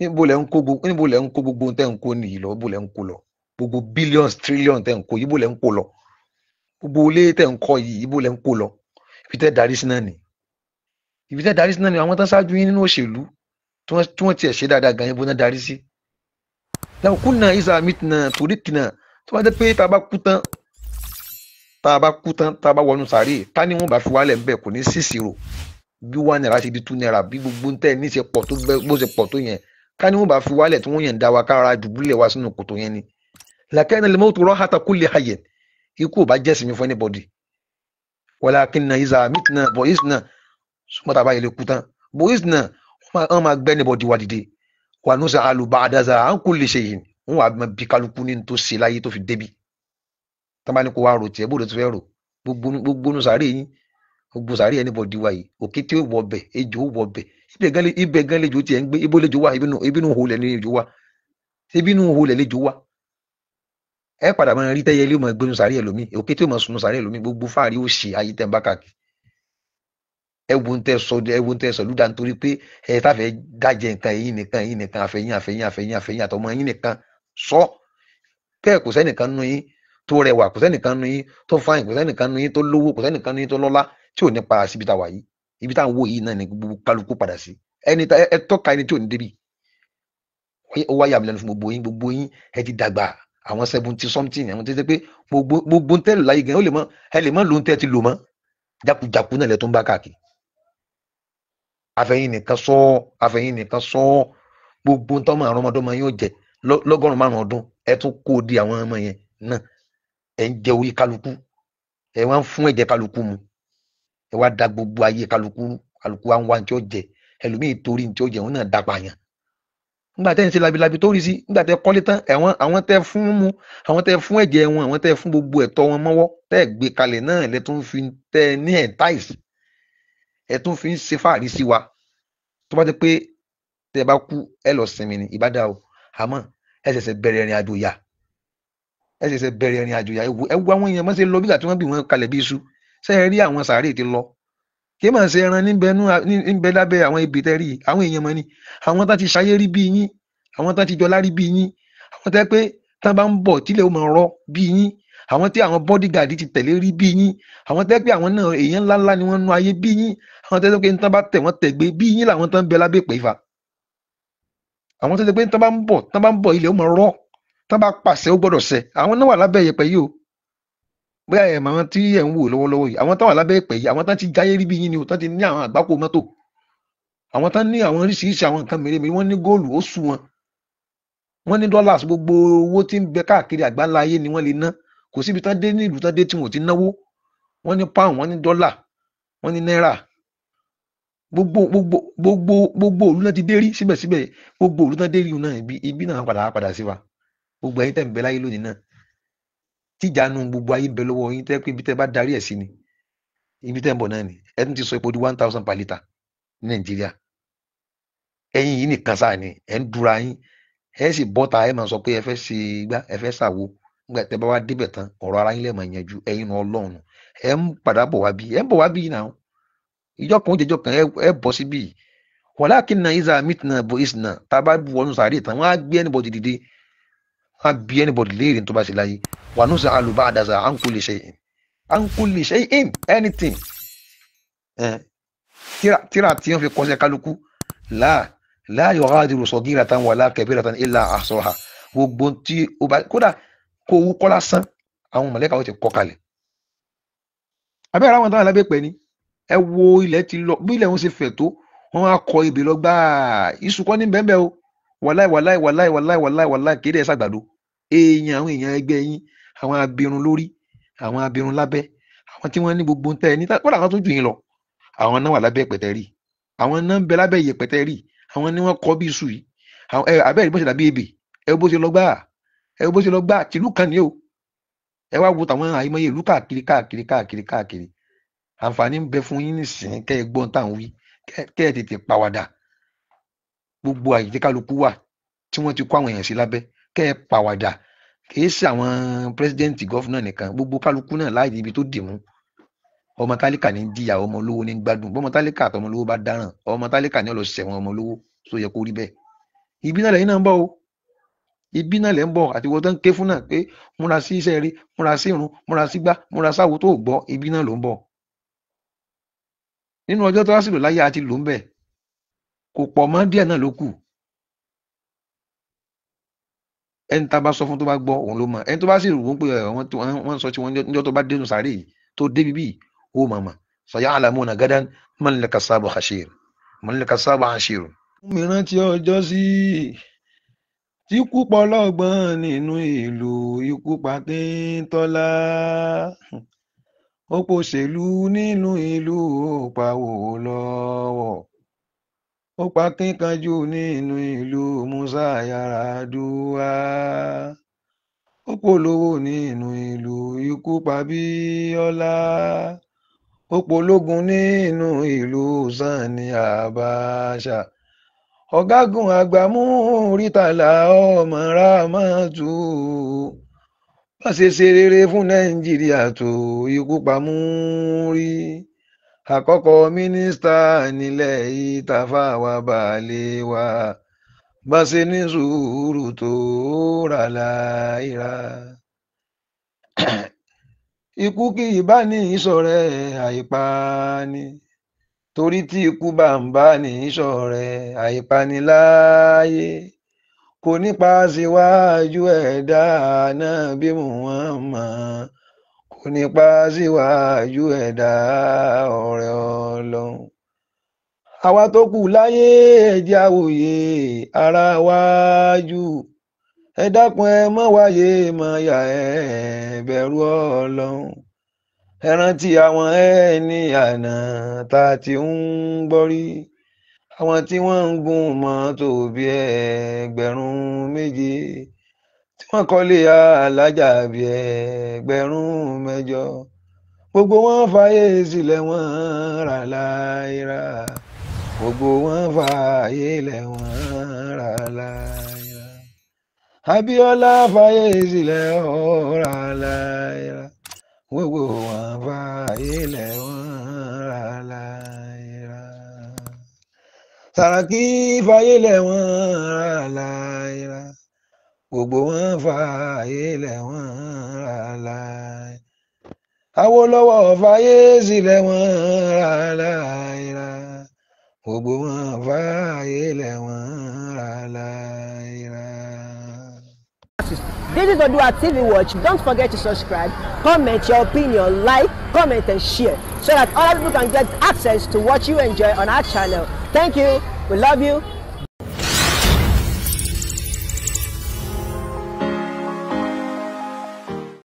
níbo lẹ ń kó gbogbo níbo lẹ ń kó gbogbo tẹ ń kó nìyí lọ níbo ń kó lọ gbogbo billions trillions tẹ ń kó yìí níbo lẹ ń kó lọ gbogbo ilé tẹ ń kọ yìí níbo lẹ ń kó lọ ibi tẹ darí sí náà ni ibi tẹ darí sí náà ni àwọn tán ṣáájú yín nínú òṣèlú tí wọ́n tiẹ̀ ṣe dáadáa gan yín náà darí sí. làwọn kùnà isa mitina toríkìnà tí wọ́n jẹ́ pé tá kú tán tá kú tán tá wọnú sàárè tá ni wọ́n bá fi wálẹ̀ ńbẹ̀ kò ní sísìrò bí one naira ṣe di two naira bí gbogbo ń tẹ̀ ní ṣe pọ̀ tó bó ṣe pọ̀ tó yẹn ká ní wọn bá fi wálẹ̀ tí wọ́n yàn dá wa kára dùbúlẹ̀ wa sínú kòtò yẹn ni làkẹ́ni lè mọ́tò rọ́hátà kulli hayyin ikú ò bá jẹ́ sinmi fún anybody walakinna iza mitna boyisna sumata bá yẹlẹ kutan boyisna wọn máa gbẹ́ anybody wa dìde wà nusa alu ba'daza an kulli shay'in wọn wà máa bí kálukú ní tó ṣe láyé tó fi débi tábà ní kó wá rò tiẹ̀ bó ló ti fẹ́ rò gbogbo nusàárẹ̀ yín gbogbo sàárì anybody wa yìí òkété wọ bẹ ejò wọ bẹ ibẹ̀ gan lejò tiẹ̀ ń gbé ibo lejò wa ibinu hó lẹ lejò wa ibinu hó lẹ lejò wa ẹ padà mọ rí tẹyẹ ilé ọmọ ẹgbẹnu sàárì ẹlòmíì òkété ọmọ sunu sàárì ẹlòmíì gbogbo fáàrí ó ṣe ayé tẹ ń bá káàkiri ẹwùn tẹ sọ ẹwùn tẹ sọ lúdà nítorí pé ẹ táfẹ dájẹ nǹkan èyí nìkan èyí nìkan àfẹyìn àfẹyìn àfẹyìn àfẹyìn àtọmọ yín nìkan sọ bẹ́ẹ̀ kò sẹ́nìkan nu yín tó rẹwà kò sẹ́nìkan nu yín tó fáyìn kò sẹ́nìkan nu yín tó lówó kò sẹ́nìkan nu yín tó lọ́lá tí ò ní padà síbi tá a wà yìí ibi tá à ń wò yìí náà ni gbogbo kálukú padà sí ẹni tá ẹ tọ́ka ẹni tí ò ní débi ó wáyà mi lẹ́nu fún gbogbo yín gbogbo yín ẹ ti dàgbà àwọn seventy something àwọn tẹ́tẹ́ pé gbogbo gbogbo tẹ́ láyé gan ó lè mọ ẹ lè mọ lóun tẹ́ ti lò mọ́ jákujàku náà lẹ tó ń bá káàkiri afẹ́yìn nìkan sọ afẹ́yìn nìkan sọ gbogbo tọ́mọ àwọn ọmọdọ́mọ yóò jẹ lọ́gọ́rùn márùn ọdún ẹ tún kó di àwọn ọmọ yẹn náà ẹ ń jẹ orí kálukú ẹ wá ń fún ẹ̀jẹ̀ kálukú mu ẹ wá da gbogbo ayé kálukú kálukú wa ń wá ní tí ó jẹ ẹlòmíì torí ní tí ó jẹ òun náà dapa yàn nígbà tẹ́ ń ṣe labilabi tó rí sí nígbà tẹ́ kọ́lé tán ẹ̀wọ̀n àwọn tẹ́ fún mu àwọn tẹ́ fún ẹ̀jẹ̀ wọn àwọn tẹ́ fún gbogbo ẹ̀tọ́ wọn mọ́wọ́ tẹ́ gbé kalẹ̀ náà lẹ́ tún fi tẹ́ ní ẹ̀ntáìsì ẹ̀ tún fi ń ṣe fàárí sí wa tó bá ti pé tẹ́ bá kú ẹ lọ sinmi ní ìbádá o àmọ́ ẹ ṣẹ̀ṣẹ̀ bẹ̀rẹ̀ ìrìn àjò yà ẹ ṣẹ̀ṣẹ̀ bẹ̀rẹ̀ ìrìn àjò yà ẹ wo àwọn èèyàn mọ́ ṣé ẹ rí àwọn sàárè ti lọ kí màá ṣe ẹran níbẹ̀ lábẹ́ àwọn ibi tẹ́ rí àwọn èèyàn mọ́ ni àwọn tá ti ṣayé rí bí yín àwọn tá ti jọlá rí bí yín àwọn tẹ́ pé tá bá ń bọ̀ tílẹ̀ ó máa rọ bí yín àwọn tí àwọn bodyguard ti tẹ̀lé rí bí yín àwọn tẹ́ pé àwọn náà èèyàn ńláńlá ni wọ́n nu ayé bí yín àwọn tẹ́ pé tán bá tẹ̀ wọ́n tẹ̀gbé bí yín làwọn tán bẹ lábẹ́ pè fà àwọn tẹ́ pé tán bá ń bọ̀ tán bá ń bọ̀ ilẹ̀ ó máa rọ tán bá pàṣẹ ó gbọ́dọ̀ ṣẹ àwọn náà wà lábẹ́ yẹpẹ yìí o bóyá ẹ̀ mọ̀ àwọn tí ẹ̀ ń wò lọ́wọ́lọ́wọ́ yìí àwọn táwọn alábẹ́ ìpẹ́ yìí àwọn tán ti jáyé rí bí yín ni o tán ti ní àwọn àgbákò mọ́tò àwọn tán ní àwọn oríṣiríṣi àwọn nǹkan mèremère wọ́n ní góòlù ó sù wọn wọ́n ní dọ́là gbogbo owó tí ń bẹ káàkiri àgbáńlá ayé ni wọ́n lè ná kò síbi tán dé ní ìlú tán dé tí wọn ò ti náwó wọ́n ní pound wọ́n ní dọ́là wọ́n ní náírà gbogbo gbogbo gbogbo gbogbo òlú náà ti dé rí tíjànú gbogbo ayé ń bẹ lọ́wọ́ yín tẹ́ pé ibi tẹ́ bá darí ẹ̀ sí ni ibi tẹ́ ń bọ̀ náà ni ẹ tún ti sọ epo di one thousand per litre ní nàìjíríà ẹ̀yin yìí nìkan sáà ni ẹ̀ ń dúra yín ẹ̀ sì bọ́ta ẹ̀ máa sọ pé ẹ fẹ́ ṣe igbá ẹ fẹ́ ṣàwo nígbà tẹ́ bá wá débẹ̀ tán ọ̀rọ̀ ara yín lẹ́ẹ̀ máa yanjú ẹ̀yin nu ọlọ́run ẹ̀ ń padà bọ̀ wá bí ẹ̀ ń bọ̀ wá bí náà ìjọ kan jẹjọ kan ẹ bọ́ síbí wàlákìnnà isa mitna bo isna tá a bá wọnú sàárè tán wọ́n á gbé ẹnìbọ̀dì dìde a bí anybody léèrè to bá ṣe láyé wà nùsà alùbá àdàsà à ń kú lè ṣe in à ń kú lè ṣe in anything eh, Tira, tí wọn fi kọsẹ̀ kaluku. La, la yughadiru saghiratan wala kabiratan illa ahsaha gbogbo tí o bá kódà kó owó kọ́ lásán àwọn mọ̀lẹ́ka ó ti kọ́ kalẹ̀ abẹ́rẹ́ àwọn táwọn alábẹ́pẹ́ ni ẹ wo ilẹ̀ ti lọ bí ilẹ̀ wọn ṣe fẹ̀ tó wọn á kọ ibè lọ gbáà ìsùkọ́ ní bẹ́ẹ̀ bẹ́ẹ̀ o wàláì wàláì wàláì wàláì wàláì wàláì kéde ẹ̀ ṣàgbàdo èèyàn àwọn èèyàn ẹgbẹ́ yín àwọn abirun lórí àwọn abirun lábẹ́ àwọn tí wọ́n ní gbogbo ń tẹ́ ẹ ní kódà wọ́n tún jù yín lọ àwọn náà wà lábẹ́ pẹ̀tẹ́rì àwọn náà ń bẹ lábẹ́ iye pẹ̀tẹ́rì àwọn ni wọ́n kọ́ bí iṣu yìí àwọn ẹ abẹ́rẹ́ bó ṣe dàbí ebè ẹ bó ṣe lọ gbà ẹ bó ṣe lọ gbà tìlú kan ni o ẹ wá wo tàwọn àìmọye ìlú káàkiri káàkiri káàkiri káàkiri àǹfààní ń bẹ fún yín nísìnyí kẹ́ ẹ gbọ́n táwọn wí kẹ́ ẹ tètè pàwàdà gbogbo àyè tí kálukú wà tí wọ́n ti kó àwọn èèyàn sí lábẹ́ kẹ́ ẹ pàwàdà kìí ṣe àwọn pírẹsidẹ́ǹtì gọ́fúnà nìkan gbogbo kálukú náà láàyè ibi tó dì mú ọmọ tálíkà ní jìyà ọmọ olówó ní gbádùn bọ́mọ tálíkà àtọmọ olówó bá dáràn ọmọ tálíkà ní ọlọ́ọ̀ sẹ̀wọ̀n ọmọ olówó tó yẹ kó rí bẹ́ẹ̀ ibi náà lẹ́yìn náà ń bọ̀ o ibi náà lẹ́ ń bọ̀ àti wọ́n tó ń ké fún náà pé múra sí iṣẹ́ rí múra sí irun múra sí gbá múra sáwo tó gbọ́ ibi náà ló ń bọ̀ nínú ọjọ́ tó wá sílò láyé àti lò ń bẹ̀ kò pọ̀ mọ́ díẹ̀ náà ló kù ẹni tá a bá sọ fún tó bá gbọ́ òun ló mọ̀ ẹni tó bá sì rò wọ́n pé wọ́n sọ tí wọ́n níjọ́ tó bá dénú sáré yìí tó débi bíi ó màmá sọ̀yà àlàmúnà gádán mọ̀lẹ́ka sábà àṣírí mọ̀lẹ́ka sábà àṣírí. mìíràn tí ọjọ́ sí tí kú pọ̀ lọ́gbọ́n nínú ìlú ikú pàkíntọ́lá ó pòṣèlú nínú ìlú ó pa òun lọ́wọ́ ó pa akínkanjú nínú ìlú musa yaradua ó polówó nínú ìlú ikú pabíọ́lá ó pológun nínú ìlú sani abacha ọ̀gágun àgbà Muritala ọmọ ramatu wọ́n ṣe ṣe rere fún nàìjíríà tó ikú pa Muri. akọkọ minista nílẹ̀ yìí tàfàwà balẹ̀ wa bá ṣe ní sùúrù tó rà láìra. ikú kì í bá ní ìṣọ̀rẹ́ àìpani torí tí ikú bá ń bá ní ìṣọ̀rẹ́ àìpani láàyè kò nípa síwájú ẹ̀dá náà bí wọ́n mọ̀ ọ́. onípa síwájú ẹ̀dá ọ̀rẹ́ ọlọ́run àwa tó kù láyé ẹ jẹ́ á wòye ara wájú ẹ dákun ẹ mọ́ wáyé mọ́ yà ẹ bẹ̀rù ọlọ́run ẹ rántí àwọn ẹni àná tá a ti ń gbọ́ àwọn tí wọ́n ń gun mọ́tò bíi ẹgbẹ̀rún méje wọ́n kọ́lé alájà bí ẹgbẹ̀rún mẹ́jọ gbogbo wọn fàyè sílẹ̀ wọ́n rà láìra gbogbo wọn fàyè lẹ̀ wọ́n rà láìra Abíọ́lá fàyè sílẹ̀ ọ̀rà láìra gbogbo wọn fàyè lẹ̀ wọ́n rà láìra Sàràkí fàyè lẹ̀ wọ́n rà láìra gbogbo wọn fa ilẹ̀ wọn ra láì. Awólọ́wọ̀ fàyè wọn ra láì gbogbo wọn fa ilẹ̀ wọn ra láì This is Odua TV Watch. Don't forget to subscribe, comment your opinion, like, comment and share so that other people can get access to what you enjoy on our channel. Thank you. We love you.